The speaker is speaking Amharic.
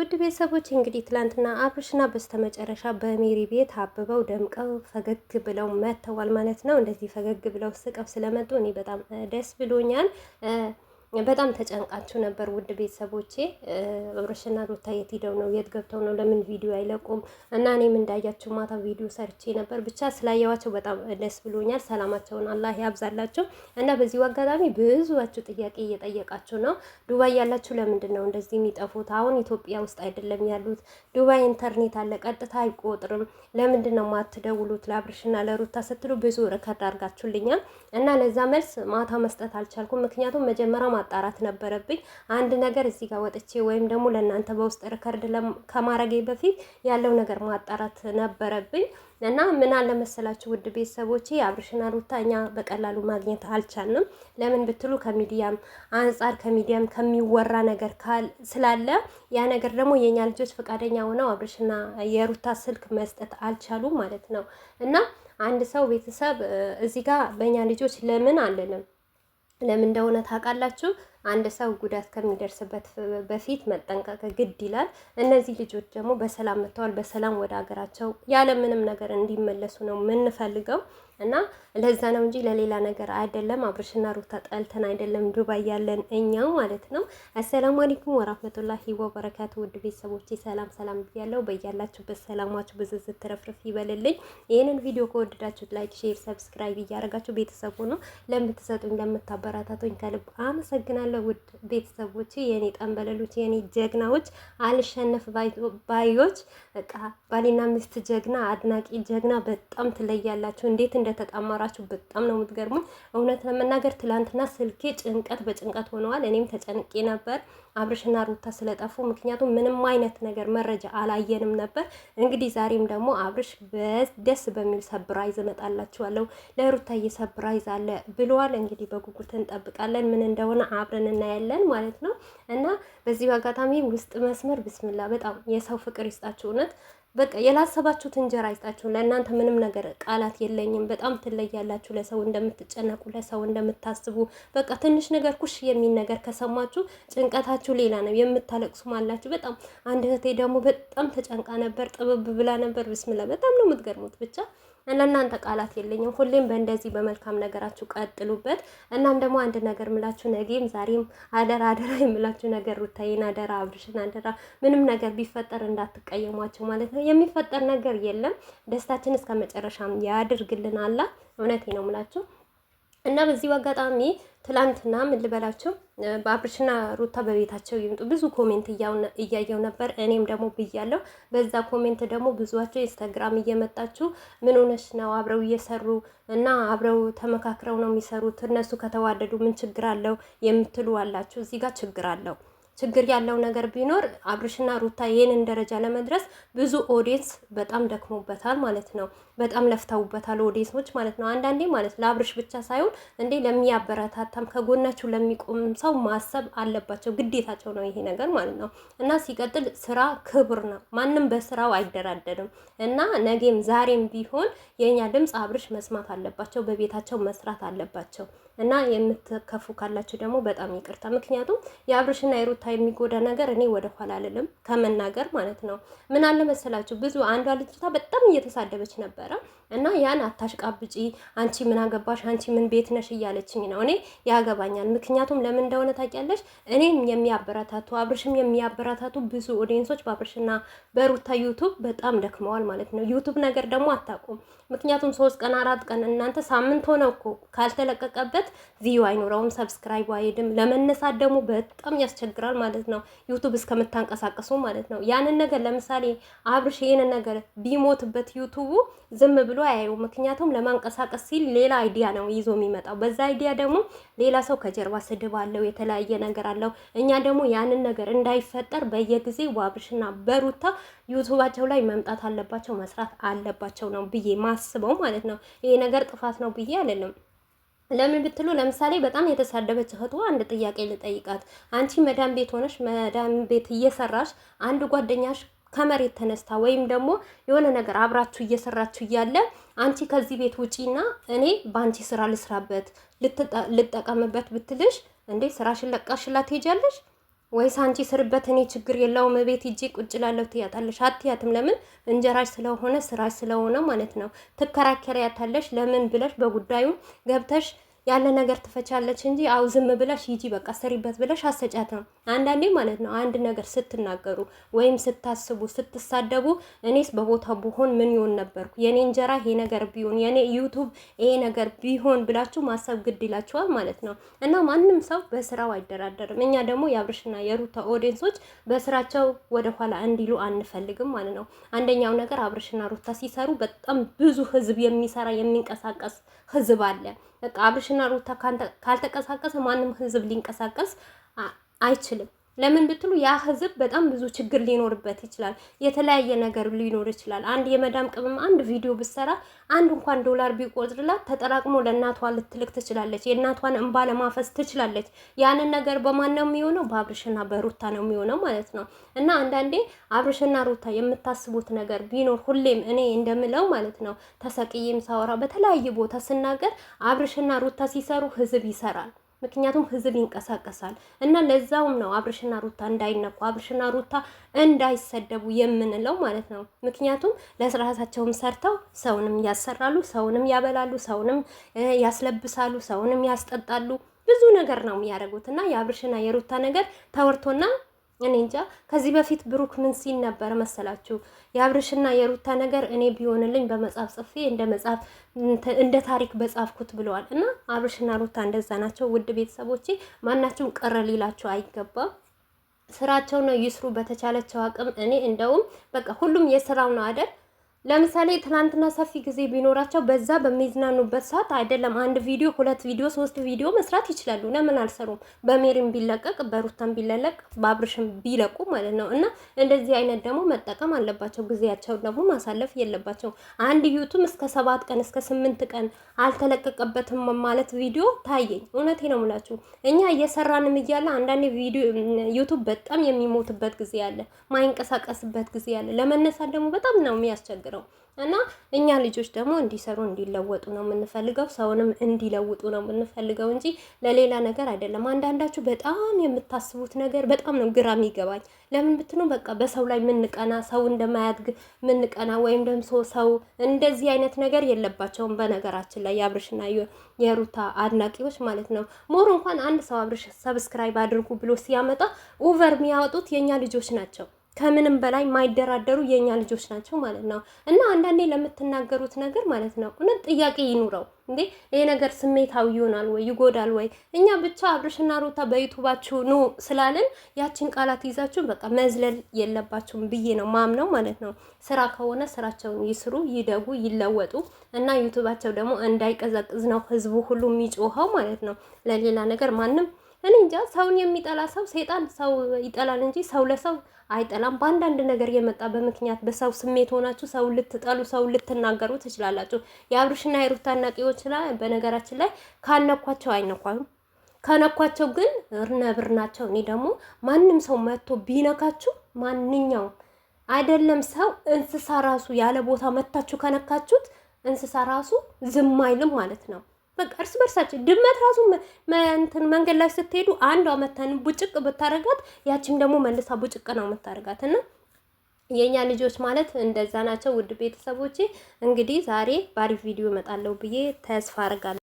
ውድ ቤተሰቦች እንግዲህ ትላንትና አብርሽና በስተመጨረሻ በሜሪ ቤት አብበው ደምቀው ፈገግ ብለው መጥተዋል ማለት ነው። እንደዚህ ፈገግ ብለው ስቀው ስለመጡ እኔ በጣም ደስ ብሎኛል። በጣም ተጨንቃችሁ ነበር ውድ ቤተሰቦቼ። አብርሽና ሩታ የት ሄደው ነው? የት ገብተው ነው? ለምን ቪዲዮ አይለቁም? እና እኔም እንዳያችሁ ማታ ቪዲዮ ሰርቼ ነበር። ብቻ ስላየዋቸው በጣም ደስ ብሎኛል። ሰላማቸውን አላህ ያብዛላቸው። እና በዚሁ አጋጣሚ ብዙዋችሁ ጥያቄ እየጠየቃችሁ ነው። ዱባይ ያላችሁ ለምንድን ነው እንደዚህ የሚጠፉት? አሁን ኢትዮጵያ ውስጥ አይደለም ያሉት። ዱባይ ኢንተርኔት አለ፣ ቀጥታ አይቆጥርም። ለምንድን ነው ማትደውሉት ለአብርሽና ለሩታ ስትሉ ብዙ ርከት አድርጋችሁልኛል። እና ለዛ መልስ ማታ መስጠት አልቻልኩም። ምክንያቱም መጀመሪያ ማጣራት ነበረብኝ። አንድ ነገር እዚህ ጋር ወጥቼ ወይም ደግሞ ለእናንተ በውስጥ ሪከርድ ከማረጌ በፊት ያለው ነገር ማጣራት ነበረብኝ። እና ምን አለ መሰላችሁ ውድ ቤተሰቦቼ አብርሽና ሩታ እኛ በቀላሉ ማግኘት አልቻልንም። ለምን ብትሉ ከሚዲያም አንጻር ከሚዲያም ከሚወራ ነገር ስላለ ያ ነገር ደግሞ የእኛ ልጆች ፈቃደኛ ሆነው አብርሽና የሩታ ስልክ መስጠት አልቻሉም ማለት ነው። እና አንድ ሰው ቤተሰብ እዚህ ጋር በእኛ ልጆች ለምን አለንም ለምን እንደሆነ ታውቃላችሁ? አንድ ሰው ጉዳት ከሚደርስበት በፊት መጠንቀቅ ግድ ይላል። እነዚህ ልጆች ደግሞ በሰላም መጥተዋል። በሰላም ወደ ሀገራቸው ያለምንም ነገር እንዲመለሱ ነው የምንፈልገው። እና ለዛ ነው እንጂ ለሌላ ነገር አይደለም። አብርሽና ሩታ ጠልተን አይደለም ዱባይ ያለን እኛው ማለት ነው። አሰላሙ አለይኩም ወራህመቱላሂ ወበረካቱ። ውድ ቤተሰቦች ሰላም ሰላም ብያለሁ። በያላችሁበት ሰላማችሁ ብዝዝት ትረፍርፍ ይበልልኝ። ይህንን ቪዲዮ ከወደዳችሁት ላይክ፣ ሼር፣ ሰብስክራይብ እያደረጋችሁ ቤተሰቡ ነው ለምትሰጡኝ ለምታበረታቱኝ ከልብ አመሰግናለሁ። ውድ ቤተሰቦቼ የኔ ጠንበለሎች፣ የኔ ጀግናዎች፣ አልሸነፍ ባዮች፣ በቃ ባሊና ሚስት ጀግና፣ አድናቂ ጀግና በጣም ትለያላችሁ እንዴት እንደ እንደተጣመራችሁ በጣም ነው የምትገርሙኝ። እውነት ለመናገር ትላንትና ስልኬ ጭንቀት በጭንቀት ሆነዋል። እኔም ተጨንቄ ነበር አብርሽና ሩታ ስለጠፉ፣ ምክንያቱም ምንም አይነት ነገር መረጃ አላየንም ነበር። እንግዲህ ዛሬም ደግሞ አብርሽ ደስ በሚል ሰብራይዝ እመጣላችኋለሁ፣ ለሩታዬ ሰብራይዝ አለ ብለዋል። እንግዲህ በጉጉት እንጠብቃለን፣ ምን እንደሆነ አብረን እናያለን ማለት ነው እና በዚህ አጋጣሚ ውስጥ መስመር ብስምላ በጣም የሰው ፍቅር ይስጣችሁ እውነት በቃ የላሰባችሁት እንጀራ አይስጣችሁ። ለእናንተ ምንም ነገር ቃላት የለኝም። በጣም ትለያላችሁ፣ ለሰው እንደምትጨነቁ፣ ለሰው እንደምታስቡ። በቃ ትንሽ ነገር ኩሽ የሚል ነገር ከሰማችሁ ጭንቀታችሁ ሌላ ነው። የምታለቅሱም አላችሁ። በጣም አንድ እህቴ ደግሞ በጣም ተጨንቃ ነበር፣ ጥብብ ብላ ነበር። ብስምላ በጣም ነው የምትገርሙት ብቻ ለእናንተ ቃላት የለኝም። ሁሌም በእንደዚህ በመልካም ነገራችሁ ቀጥሉበት። እናም ደግሞ አንድ ነገር ምላችሁ ነገም ዛሬም አደራ አደራ የምላችሁ ነገር ሩታዬን አደራ፣ አብርሽን አደራ፣ ምንም ነገር ቢፈጠር እንዳትቀየሟቸው ማለት ነው። የሚፈጠር ነገር የለም። ደስታችን እስከ መጨረሻም ያድርግልን አላ። እውነቴ ነው ምላችሁ እና በዚሁ አጋጣሚ ትላንትና ምን ልበላቸው በአብርሽና ሩታ በቤታቸው ይምጡ ብዙ ኮሜንት እያየው ነበር። እኔም ደግሞ ብያለሁ። በዛ ኮሜንት ደግሞ ብዙዋቸው ኢንስታግራም እየመጣችሁ ምን ሆነሽ ነው አብረው እየሰሩ እና አብረው ተመካክረው ነው የሚሰሩት እነሱ ከተዋደዱ ምን ችግር አለው የምትሉ አላችሁ። እዚህ ጋር ችግር አለው። ችግር ያለው ነገር ቢኖር አብርሽና ሩታ ይህንን ደረጃ ለመድረስ ብዙ ኦዲንስ በጣም ደክሞበታል ማለት ነው። በጣም ለፍተውበታል ኦዲንሶች ማለት ነው። አንዳንዴ ማለት ለአብርሽ ብቻ ሳይሆን እንዴ ለሚያበረታታም ከጎናቸው ለሚቆም ሰው ማሰብ አለባቸው፣ ግዴታቸው ነው ይሄ ነገር ማለት ነው። እና ሲቀጥል ስራ ክብር ነው። ማንም በስራው አይደራደርም። እና ነገም ዛሬም ቢሆን የእኛ ድምፅ አብርሽ መስማት አለባቸው፣ በቤታቸው መስራት አለባቸው። እና የምትከፉ ካላቸው ደግሞ በጣም ይቅርታ፣ ምክንያቱም የአብርሽና የሩታ የሚጎዳ ነገር እኔ ኋላ አልልም ከመናገር ማለት ነው። ምን አለ መሰላችሁ ብዙ አንዷ ልጅቷ በጣም እየተሳደበች ነበረ እና ያን አታሽቃብጪ፣ አንቺ ምን አገባሽ፣ አንቺ ምን ቤት ነሽ እያለችኝ ነው። እኔ ያገባኛል። ምክንያቱም ለምን እንደሆነ ታውቂያለሽ። እኔም የሚያበረታቱ አብርሽም የሚያበረታቱ ብዙ ኦዲየንሶች በአብርሽና በሩታ ዩቱብ በጣም ደክመዋል ማለት ነው። ዩቱብ ነገር ደግሞ አታውቁም። ምክንያቱም ሶስት ቀን አራት ቀን እናንተ ሳምንት ሆነው እኮ ካልተለቀቀበት ቪዩ አይኖረውም፣ ሰብስክራይብ አይድም። ለመነሳት ደግሞ በጣም ያስቸግራል ማለት ነው። ዩቱብ እስከምታንቀሳቀሱ ማለት ነው። ያንን ነገር ለምሳሌ አብርሽ ይህንን ነገር ቢሞትበት ዩቱቡ ዝም ብሎ አያዩ። ምክንያቱም ለማንቀሳቀስ ሲል ሌላ አይዲያ ነው ይዞ የሚመጣው። በዛ አይዲያ ደግሞ ሌላ ሰው ከጀርባ ስድብ አለው፣ የተለያየ ነገር አለው። እኛ ደግሞ ያንን ነገር እንዳይፈጠር በየጊዜ በአብርሽና በሩታ ዩቱባቸው ላይ መምጣት አለባቸው፣ መስራት አለባቸው ነው ብዬ ማስበው ማለት ነው። ይሄ ነገር ጥፋት ነው ብዬ አይደለም። ለምን ብትሉ ለምሳሌ በጣም የተሳደበች እህቷ አንድ ጥያቄ ልጠይቃት። አንቺ መዳም ቤት ሆነሽ መዳም ቤት እየሰራሽ አንድ ጓደኛሽ ከመሬት ተነስታ ወይም ደግሞ የሆነ ነገር አብራችሁ እየሰራችሁ እያለ አንቺ ከዚህ ቤት ውጪና እኔ በአንቺ ስራ ልስራበት ልጠቀምበት ብትልሽ እንዴ ስራሽን ለቃሽላ ትሄጃለሽ? ወይስ አንቺ ስርበት እኔ ችግር የለውም ቤት ሂጅ ቁጭ ላለሁ ትያታለሽ። አትያትም። ለምን እንጀራሽ ስለሆነ ስራሽ ስለሆነ ማለት ነው። ትከራከሪያታለሽ። ለምን ብለሽ በጉዳዩ ገብተሽ ያለ ነገር ትፈቻለች እንጂ አው ዝም ብለሽ ሂጂ በቃ ስሪበት ብለሽ ነው። አንዳንዴ ማለት ነው አንድ ነገር ስትናገሩ ወይም ስታስቡ ስትሳደቡ፣ እኔስ በቦታው ብሆን ምን ይሆን ነበርኩ፣ የኔ እንጀራ ይሄ ነገር ቢሆን፣ የኔ ዩቱብ ይሄ ነገር ቢሆን ብላችሁ ማሰብ ግድ ይላችኋል ማለት ነው። እና ማንም ሰው በስራው አይደራደርም። እኛ ደግሞ የአብርሽና የሩታ ኦዲየንሶች በስራቸው ወደኋላ እንዲሉ አንፈልግም ማለት ነው። አንደኛው ነገር አብርሽና ሩታ ሲሰሩ በጣም ብዙ ህዝብ የሚሰራ የሚንቀሳቀስ ህዝብ አለ። በቃ አብርሽና ሩታ ካልተቀሳቀሰ ማንም ህዝብ ሊንቀሳቀስ አይችልም። ለምን ብትሉ ያ ህዝብ በጣም ብዙ ችግር ሊኖርበት ይችላል። የተለያየ ነገር ሊኖር ይችላል። አንድ የመዳም ቅመም አንድ ቪዲዮ ብሰራ አንድ እንኳን ዶላር ቢቆጥርላት ተጠራቅሞ ለእናቷ ልትልክ ትችላለች። የእናቷን እንባ ለማፈስ ትችላለች። ያንን ነገር በማን ነው የሚሆነው? በአብርሽና በሩታ ነው የሚሆነው ማለት ነው። እና አንዳንዴ አብርሽና ሩታ የምታስቡት ነገር ቢኖር ሁሌም እኔ እንደምለው ማለት ነው ተሰቅዬም ሳወራ በተለያየ ቦታ ስናገር አብርሽና ሩታ ሲሰሩ ህዝብ ይሰራል። ምክንያቱም ህዝብ ይንቀሳቀሳል እና ለዛውም ነው አብርሽና ሩታ እንዳይነኩ አብርሽና ሩታ እንዳይሰደቡ የምንለው ማለት ነው። ምክንያቱም ለስራሳቸውም ሰርተው ሰውንም ያሰራሉ፣ ሰውንም ያበላሉ፣ ሰውንም ያስለብሳሉ፣ ሰውንም ያስጠጣሉ። ብዙ ነገር ነው የሚያደርጉት እና የአብርሽና የሩታ ነገር ተወርቶና እኔ እንጃ። ከዚህ በፊት ብሩክ ምን ሲል ነበር መሰላችሁ? የአብርሽና የሩታ ነገር እኔ ቢሆንልኝ በመጽሐፍ ጽፌ እንደ መጽሐፍ እንደ ታሪክ በጻፍኩት ብለዋል። እና አብርሽና ሩታ እንደዛ ናቸው። ውድ ቤተሰቦቼ ማናችሁም ቅር ሊላችሁ አይገባም። ስራቸው ነው ይስሩ፣ በተቻለቸው አቅም። እኔ እንደውም በቃ ሁሉም የስራው ነው አደል ለምሳሌ ትናንትና ሰፊ ጊዜ ቢኖራቸው በዛ በሚዝናኑበት ሰዓት አይደለም አንድ ቪዲዮ፣ ሁለት ቪዲዮ፣ ሶስት ቪዲዮ መስራት ይችላሉ። ለምን አልሰሩም? በሜሪም ቢለቀቅ፣ በሩታም ቢለለቅ፣ በአብርሽም ቢለቁ ማለት ነው። እና እንደዚህ አይነት ደግሞ መጠቀም አለባቸው። ጊዜያቸውን ደግሞ ማሳለፍ የለባቸው። አንድ ዩቱብ እስከ ሰባት ቀን እስከ ስምንት ቀን አልተለቀቀበትም ማለት ቪዲዮ ታየኝ። እውነቴ ነው የምላችሁ እኛ እየሰራንም እያለ አንዳንድ ቪዲዮ ዩቱብ በጣም የሚሞትበት ጊዜ አለ፣ ማይንቀሳቀስበት ጊዜ አለ። ለመነሳት ደግሞ በጣም ነው የሚያስቸግር ነው። እና እኛ ልጆች ደግሞ እንዲሰሩ እንዲለወጡ ነው የምንፈልገው፣ ሰውንም እንዲለውጡ ነው የምንፈልገው እንጂ ለሌላ ነገር አይደለም። አንዳንዳችሁ በጣም የምታስቡት ነገር በጣም ነው ግራ የሚገባኝ። ለምን ብትኑ በቃ በሰው ላይ ምንቀና ሰው እንደማያድግ ምንቀና ወይም ደግሞ ሰው እንደዚህ አይነት ነገር የለባቸውም። በነገራችን ላይ የአብርሽና የሩታ አድናቂዎች ማለት ነው። ሞር እንኳን አንድ ሰው አብርሽ ሰብስክራይብ አድርጉ ብሎ ሲያመጣ ኦቨር የሚያወጡት የእኛ ልጆች ናቸው። ከምንም በላይ ማይደራደሩ የእኛ ልጆች ናቸው ማለት ነው። እና አንዳንዴ ለምትናገሩት ነገር ማለት ነው እውነት ጥያቄ ይኑረው እንዴ! ይሄ ነገር ስሜታዊ ይሆናል ወይ ይጎዳል ወይ? እኛ ብቻ አብርሽና ሩታ በዩቱባችሁ ኑ ስላለን ያችን ቃላት ይዛችሁ በቃ መዝለል የለባችሁም ብዬ ነው ማምነው ማለት ነው። ስራ ከሆነ ስራቸውን ይስሩ፣ ይደጉ፣ ይለወጡ እና ዩቱባቸው ደግሞ እንዳይቀዘቅዝ ነው ህዝቡ ሁሉ የሚጮኸው ማለት ነው። ለሌላ ነገር ማንም እኔ እንጃ ሰውን የሚጠላ ሰው ሰይጣን ሰው ይጠላል እንጂ ሰው ለሰው አይጠላም። በአንዳንድ ነገር የመጣ በምክንያት በሰው ስሜት ሆናችሁ ሰው ልትጠሉ ሰው ልትናገሩ ትችላላችሁ። የአብርሽና የሩታ አድናቂዎች ላይ በነገራችን ላይ ካነኳቸው አይነኳም ከነኳቸው ግን እርነብር ናቸው። እኔ ደግሞ ማንም ሰው መጥቶ ቢነካችሁ ማንኛውም አይደለም ሰው እንስሳ ራሱ ያለ ቦታ መታችሁ ከነካችሁት እንስሳ ራሱ ዝም አይልም ማለት ነው። በቃ እርስ በርሳችን ድመት ራሱ እንትን መንገድ ላይ ስትሄዱ አንዷ መተን ቡጭቅ ብታረጋት ያችም ደግሞ መልሳ ቡጭቅ ነው የምታረጋት እና የኛ ልጆች ማለት እንደዛ ናቸው። ውድ ቤተሰቦቼ እንግዲህ ዛሬ ባሪፍ ቪዲዮ እመጣለሁ ብዬ ተስፋ አርጋለሁ።